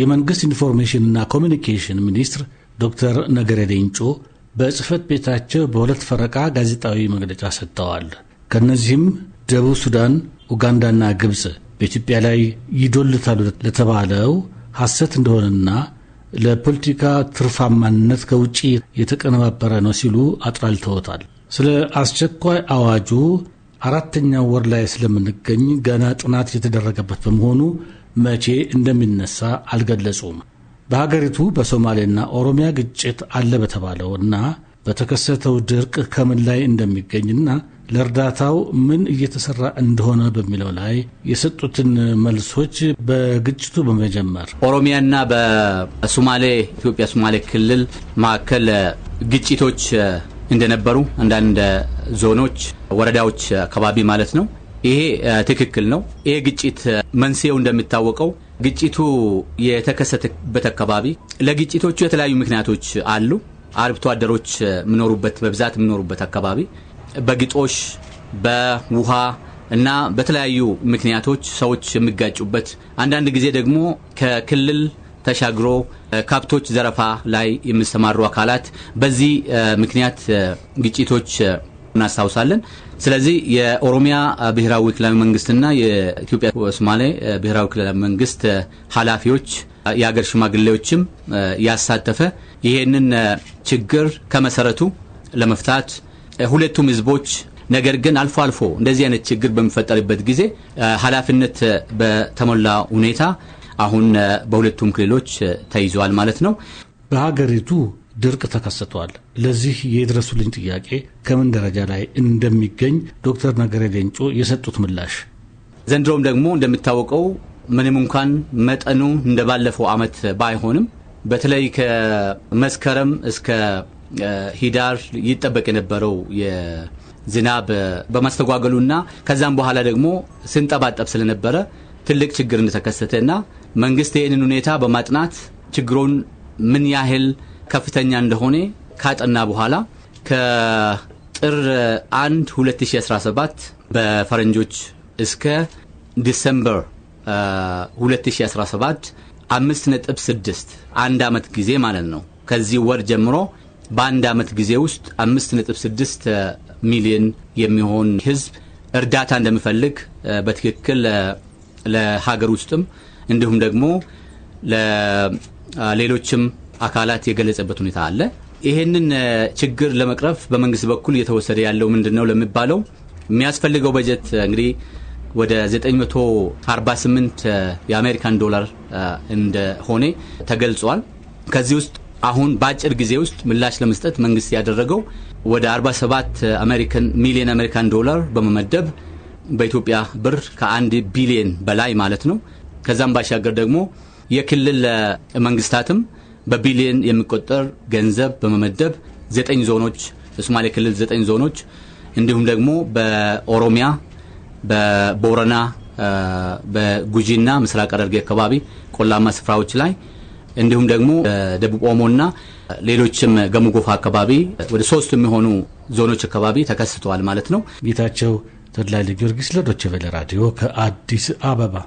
የመንግስት ኢንፎርሜሽንና ኮሚኒኬሽን ሚኒስትር ዶክተር ነገሬ ሌንጮ በጽህፈት ቤታቸው በሁለት ፈረቃ ጋዜጣዊ መግለጫ ሰጥተዋል። ከእነዚህም ደቡብ ሱዳን፣ ኡጋንዳና ግብፅ በኢትዮጵያ ላይ ይዶልታሉ ለተባለው ሐሰት እንደሆነና ለፖለቲካ ትርፋማነት ከውጪ የተቀነባበረ ነው ሲሉ አጥላልተውታል። ስለ አስቸኳይ አዋጁ አራተኛው ወር ላይ ስለምንገኝ ገና ጥናት የተደረገበት በመሆኑ መቼ እንደሚነሳ አልገለጹም። በሀገሪቱ በሶማሌና ኦሮሚያ ግጭት አለ በተባለው እና በተከሰተው ድርቅ ከምን ላይ እንደሚገኝና ለእርዳታው ምን እየተሰራ እንደሆነ በሚለው ላይ የሰጡትን መልሶች በግጭቱ በመጀመር ኦሮሚያና በሶማሌ ኢትዮጵያ ሶማሌ ክልል መካከል ግጭቶች እንደነበሩ አንዳንድ ዞኖች፣ ወረዳዎች አካባቢ ማለት ነው ይሄ ትክክል ነው። ይሄ ግጭት መንስኤው እንደሚታወቀው ግጭቱ የተከሰተበት አካባቢ ለግጭቶቹ የተለያዩ ምክንያቶች አሉ። አርብቶ አደሮች የምኖሩበት በብዛት የምኖሩበት አካባቢ በግጦሽ በውሃ እና በተለያዩ ምክንያቶች ሰዎች የሚጋጩበት አንዳንድ ጊዜ ደግሞ ከክልል ተሻግሮ ከብቶች ዘረፋ ላይ የሚሰማሩ አካላት በዚህ ምክንያት ግጭቶች እናስታውሳለን። ስለዚህ የኦሮሚያ ብሔራዊ ክልላዊ መንግስትና የኢትዮጵያ ሶማሌ ብሔራዊ ክልላዊ መንግስት ኃላፊዎች የአገር ሽማግሌዎችም ያሳተፈ ይሄንን ችግር ከመሰረቱ ለመፍታት ሁለቱም ህዝቦች ነገር ግን አልፎ አልፎ እንደዚህ አይነት ችግር በሚፈጠርበት ጊዜ ኃላፊነት በተሞላ ሁኔታ አሁን በሁለቱም ክልሎች ተይዘዋል ማለት ነው። በሀገሪቱ ድርቅ ተከስቷል ለዚህ የድረሱልኝ ጥያቄ ከምን ደረጃ ላይ እንደሚገኝ ዶክተር ነገሬ ሌንጮ የሰጡት ምላሽ ዘንድሮም ደግሞ እንደሚታወቀው ምንም እንኳን መጠኑ እንደ ባለፈው ዓመት ባይሆንም በተለይ ከመስከረም እስከ ሂዳር ይጠበቅ የነበረው የዝናብ በማስተጓገሉና ከዛም በኋላ ደግሞ ስንጠባጠብ ስለነበረ ትልቅ ችግር እንደተከሰተና መንግስት ይህንን ሁኔታ በማጥናት ችግሩን ምን ያህል ከፍተኛ እንደሆነ ካጠና በኋላ ከጥር 1 2017 በፈረንጆች እስከ ዲሰምበር 2017 አምስት ነጥብ ስድስት አንድ አመት ጊዜ ማለት ነው። ከዚህ ወር ጀምሮ በአንድ አመት ጊዜ ውስጥ አምስት ነጥብ ስድስት ሚሊዮን የሚሆን ህዝብ እርዳታ እንደሚፈልግ በትክክል ለሀገር ውስጥም እንዲሁም ደግሞ ለሌሎችም አካላት የገለጸበት ሁኔታ አለ። ይሄንን ችግር ለመቅረፍ በመንግስት በኩል እየተወሰደ ያለው ምንድን ነው ለሚባለው የሚያስፈልገው በጀት እንግዲህ ወደ 948 የአሜሪካን ዶላር እንደሆነ ተገልጿል። ከዚህ ውስጥ አሁን በአጭር ጊዜ ውስጥ ምላሽ ለመስጠት መንግስት ያደረገው ወደ 47 አሜሪካን ሚሊዮን አሜሪካን ዶላር በመመደብ በኢትዮጵያ ብር ከአንድ ቢሊዮን በላይ ማለት ነው። ከዛም ባሻገር ደግሞ የክልል መንግስታትም በቢሊየን የሚቆጠር ገንዘብ በመመደብ ዘጠኝ ዞኖች በሶማሌ ክልል ዘጠኝ ዞኖች እንዲሁም ደግሞ በኦሮሚያ በቦረና በጉጂና ምስራቅ አደርጌ አካባቢ ቆላማ ስፍራዎች ላይ እንዲሁም ደግሞ ደቡብ ኦሞና ሌሎችም ገሙ አካባቢ ወደ ሶስት የሚሆኑ ዞኖች አካባቢ ተከስተዋል ማለት ነው። ጌታቸው ተድላ ጊዮርጊስ ለዶቼ ቬለ ራዲዮ ከአዲስ አበባ